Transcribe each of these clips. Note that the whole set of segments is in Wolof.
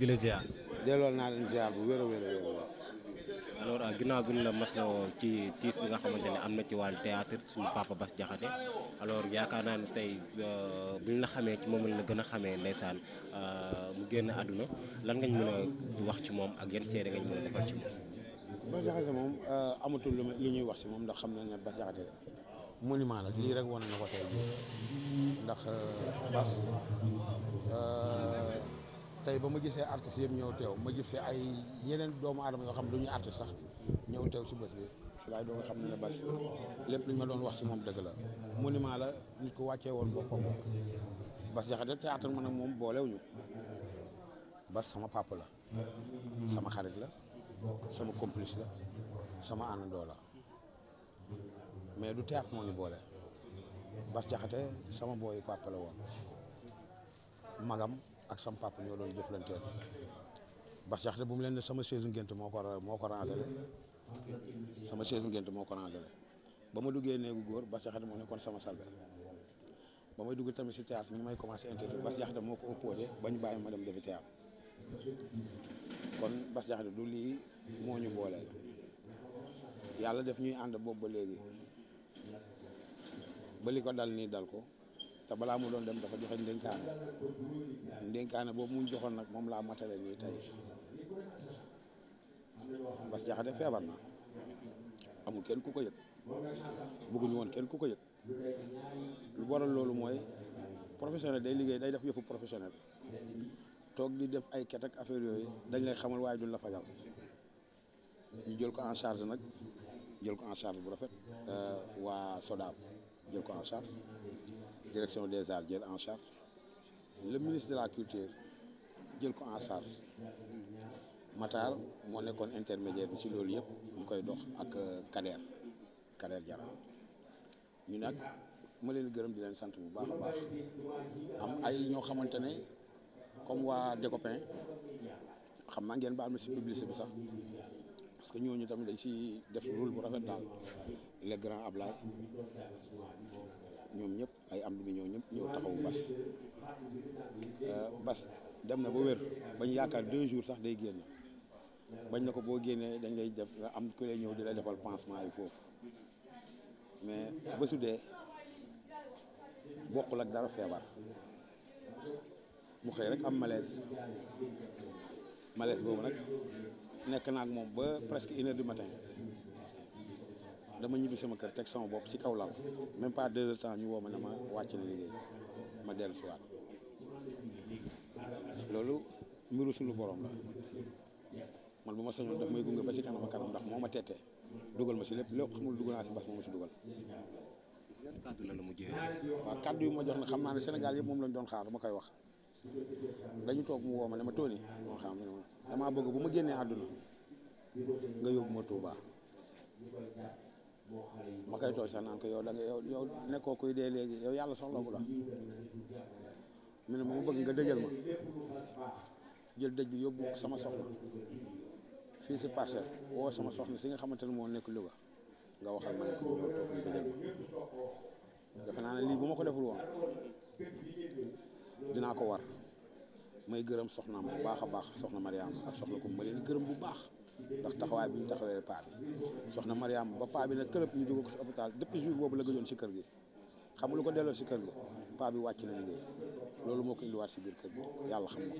di la ziar. delloo naa leen ziar bu wér a wér a wér. Euh, bi ñu la maslawoo ci tiis bi nga xamante ne am na ci wàllu théâtre suñu papa Bass Diakhaté alors yaakaar naa ne tey euh, bu ñu la xamee ci moom la gën a xamee ndeysaan euh, mu génn àdduna lan nga ñu mën a wax ci moom ak yan seede nga ñu mën a defal ci moom. Bass amatul lu ñuy wax si moom ndax xam nañ ne Bass Diakhaté monument la lii rek wan na ko tey ndax Bass. tey ba ma gisee artistes yëpp ñëw teew ma gis fi ay yeneen doomu aadama yoo xam ne du ñu artiste sax ñëw teew si bés bi si laay doon xam ne ne bas lépp lu ma doon wax si moom dëgg la ni monument la nit ko wàccee woon boppam bas Jaxate théâtre man ak moom boolewuñu bas sama papa la sama xarit la sama complice la sama àndandoo la mais du théâtre moo ni boole bas Jaxate sama booyu papa la woon magam ak sama papa ñoo doon jëflanteel Bass Jaxate bu mu leen ne sama séesu ngént moo ko moo ko rangale sama séesu ngént moo ko rangale ba ma duggee néegu góor Bass Jaxate moo nekkoon sama salbe ba may dugg tamit si théâtre may commencé intérêt Bass Jaxate moo ko opposé ba ñu bàyyi ma dem defi théâtre kon Bass Jaxate du lii moo ñu boolee yàlla def ñuy ànd boobu ba léegi ba ko dal nii dal ko te balaa mu doon dem dafa joxe ndénkaane ndénkaane boobu mu joxoon nag moom laa matale nii tey Bass Diakhaté feebar na amul kenn ku ko yëg bëgguñu woon kenn ku ko yëg lu waral loolu mooy professionnel day liggéey day def yëfu professionnel toog di def ay ket ak affaire yooyu dañ lay xamal waaye duñ la fajal ñu jël ko en charge nag jël ko en charge bu rafet euh, waa SODAV jël ko en charge direction des arts jël en charge le ministre de la culture jël ko en charge Matar moo nekkoon intermédiaire bi ci loolu yëpp ñu koy dox ak euh, Kader Kader Jara ñu nag ma leen gërëm di leen sant bu baax a baax am ay ñoo xamante ne comme waa Décopin xam naa ngeen baal ma ci publicité bi sax parce que ñooñu tamit dañ ci def rôle bu rafet daal les grands Ablaye ñoom ñëpp ay am di ñoo ñëpp ñëw taxaw bas euh, bas dem na ba wér bañ yaakaar deux jours sax day génn bañ na ko boo génnee dañ lay def am ku lay ñëw di lay defal pansement yi foofu mais ba su dee bokkul ak dara feebar mu xëy rek am malaise malaise boobu nag nekk naa naag moom ba presque une heure matin dama ñibbi sama kër teg sama bopp si kaw lal même pas deux heures temps ñu woo ma ne ma wàcc na liggéey ma dellu si waat loolu mbiru suñu borom la man bu ma sañoon daf may gunge ba si kanam kanam ndax moo ma teete dugal ma si lépp lépp xamul dugal naa si mbas moo ma si dugal. yan kàddu la la mu jeexee. waaw kàddu yu ma jox na xam naa ne Sénégal yëpp moom lañ doon xaar ma koy wax dañu toog mu woo ma ne ma Tony moo xam ne ma damaa bëgg bu ma génnee àdduna nga yóbbu ma ma koy tooñ sax naan ko yow da nga yow yow nekkoo kuy dee léegi yow yàlla soxla bu la mu ne ma bëgg nga dëjal ma jël dëj bi yóbbu sama soxna fii si parcelle woo sama soxna si nga xamante ne moo nekk Louga nga waxal ma ne ko toog ñu dëjal ma defe naa ne lii bu ma ko deful woon dinaa ko war may gërëm soxnaam bu baax a baax soxna Mariama ak soxna ko ma leen gërëm bu baax ndax taxawaay bi ñu taxawee paa bi soxna Mariama ba paa bi nag këlëb ñu dugg ko si hôpital depuis jour boobu la gëjoon si kër gi xam lu ko delloo si kër gi paa bi wàcc na liggéey loolu moo ko indiwaat si biir kër gi yàlla xam na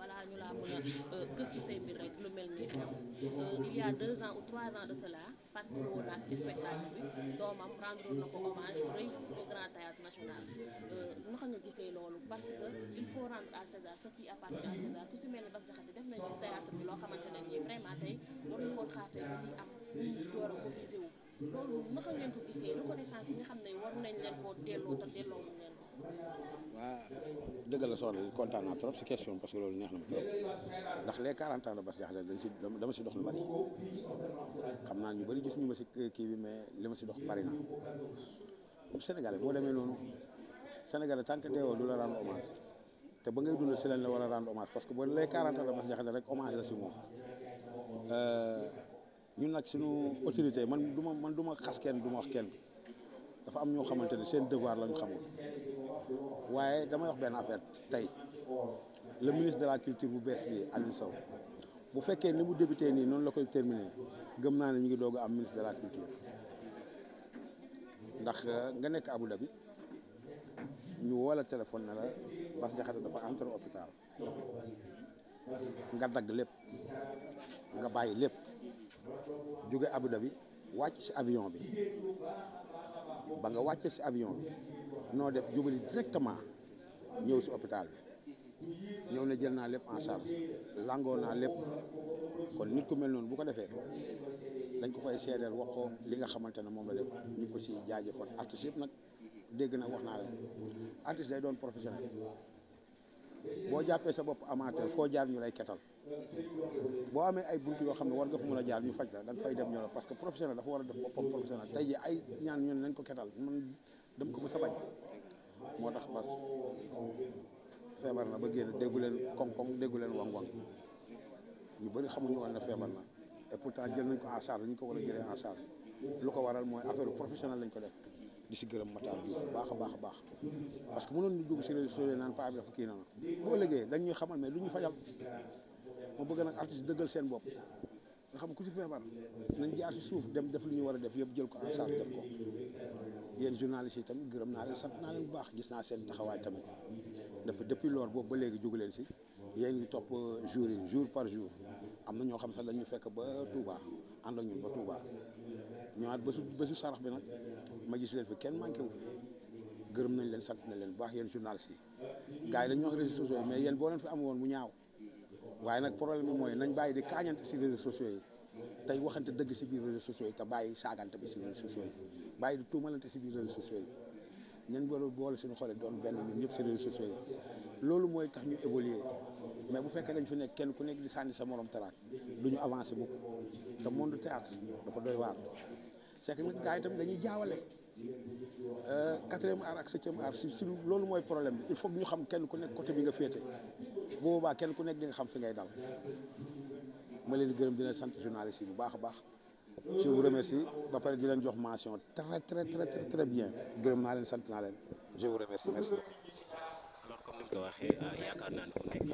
balaa ñu laa mën a euh, gëstu say mbir rek lu mel ni euh, il y deux ans ou trois ans de cela parce que naa si spectacle bi doomam rendre na ko hommage rëy au Grand Théâtre National euh, naka nga gisee parce que il si mel ne Bass Diakhaté def nañ si théâtre bi loo xamante ne nii vraiment tey waruñu woon xaatee li am li yi kontaan naa trop si question parce loolu neex na ma trop ndax les dañ si dama ci dox lu bari xam naa ñu bari gis ñu ma si kii bi mais li ma si dox bari na Sénégal moo demee noonu. sénégal tant que deewoo du la rendre hommage te ba ngay dund si lañ la war a rendre hommage parce que boo lay 40 ans la Bass Diakhaté rek hommage la si moom euh, ñun nag suñu autorité man du ma man du ma xas kenn du ma wax kenn dafa am ñoo xamante ne seen devoir la ñu xamul waaye damay wax benn affaire tey le ministre de la culture bu bees bi Aliou Sow bu fekkee ni mu débuté nii noonu la koy terminé gëm naa ne ñu ngi doog am ministre de la culture ndax euh, nga nekk Abu Dhabi ñu woo la téléphone ne la Bass Diakhaté dafa entré hôpital nga dagg lépp nga bàyyi lépp jóge Abu Dhabi wàcc si avion bi ba nga wàcce si avion bi noo def jubali directement ñëw si hôpital bi ñëw na jël naa lépp en charge langoo naa lépp kon nit ku mel noonu bu ko defee dañ ko koy seedeel wax ko li nga xamante ne moom la def ñu ko si jaajëfoon artiste yëpp nag dégg na wax naa la artiste day doon professionnel boo jàppee sa bopp amateur foo jaar ñu lay ketal boo amee ay buntu yoo xam ne war nga fa mën a jaar ñu faj la da fay dem ñoo la que professionnel dafa war a def boppam professionnel tey jii ay ñaan ñun nañ ko ketal man dem ko mu sa bañ moo tax bas feebar na ba génn déggu leen koŋ-koŋ déggu leen waŋ-waŋ ñu bëri xamuñu woon ne feebar na et pourtant jël ko en charge ñu ko war a jëlee en charge ko waral mooy affaire professionnel lañ ko def di si gërëm Matar bi bu baax a baax a baax parce que mënoon ñu dugg si réseaux sociaux naan paa bi dafa kii noonu boo liggéey dañ ñuy xamal mais lu ñu fajal ma bëgg nag artiste dëggal seen bopp nga xam ku si feebar nañ jaar si suuf dem def lu ñu war a def yëpp jël ko en charge def ko yéen journalistes yi tamit gërëm naa leen sant naa leen bu baax gis naa seen taxawaay tamit dafa depuis lool boobu ba léegi jógu leen si yéen ngi topp jour yi jour par jour am na ñoo xam sax dañu fekk ba Touba ànd ak ñun ba Touba ñëwaat bésu bésu sarax bi nag ma gis leen fi kenn manqué gërëm nañ leen sant na leen bu baax yéen journaliste yi gars yi dañuy wax réseaux sociaux mais yéen boo leen fi am woon mu ñaaw waaye nag problème bi mooy nañ bàyyi di kaañante si réseaux sociaux yi tey waxante dëgg si biir réseaux sociaux yi te bàyyi saagante bi si réseaux sociaux yi bàyyi di tuumalante si biir réseaux sociaux yi ñen boole boole suñu xoolee doon benn ñun ñëpp si réseaux sociaux yi loolu mooy mais bu fekkee dañ fi nekk kenn ku nekk di sànni sa morom taraat du ñu avancer mukk te monde théâtre dafa doy waar c'est que nag gars yi itam dañuy jaawale euh, quatrième art ak septième art si loolu mooy problème bi il faut ñu xam kenn ku nekk côté bi nga féete bu boobaa kenn ku nekk di nga xam fi ngay dal ma leen gërëm dina sant journaliste yi bu baax a baax je vous remercie ba pare di leen jox mention très très très très très bien gërëm naa leen sant naa leen je vous remercie merci alors comme ah, naa ne ku nekk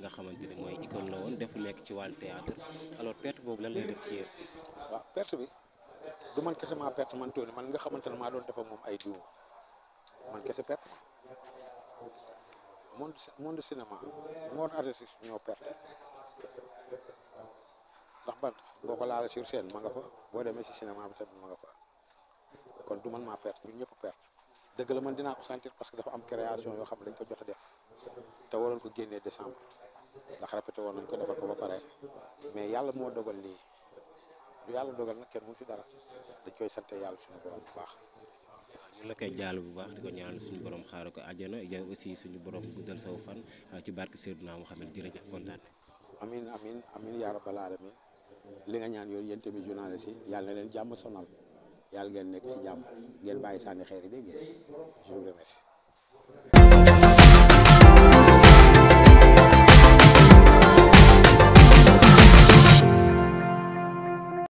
nga xamante ne mooy école la woon def nekk ci wàllu théâtre alors perte boobu la lay def ci yéen perte bi du man kese maa perte man Tony man nga xamante ne maa doon def ak moom ay man kese perte ma monde monde cinéma monde artistique ñoo perte ndax ban boo ko laala sur scène ma nga fa boo demee si cinéma bi tamit ma nga fa kon du man maa perte ñun ñëpp perte dëgg la man dinaa ko sentir parce que dafa am création yoo xam ne dañ ko jot a def te waroon ko génnee décembre ndax répété woon nañ ko defal ko ba pare mais yàlla moo dogal lii lu yàlla dogal nag kenn mu ci dara dañ koy sante yàlla suñu borom bu baax ñu la koy jaal bu baax da ko ñaanal suñu borom xaaral ko àjjana yow aussi suñu borom guddal saw fan ah, ci barke Seydina Muhammad jërëjëf kontaan amin amin amin yaa rabbal alamin li nga ñaan yooyu yéen tamit journaliste yi yàlla na leen jàmm sonal yàlla ngeen nekk ci jàmm ngeen bàyyi sànni xeer yi dégg ngeen je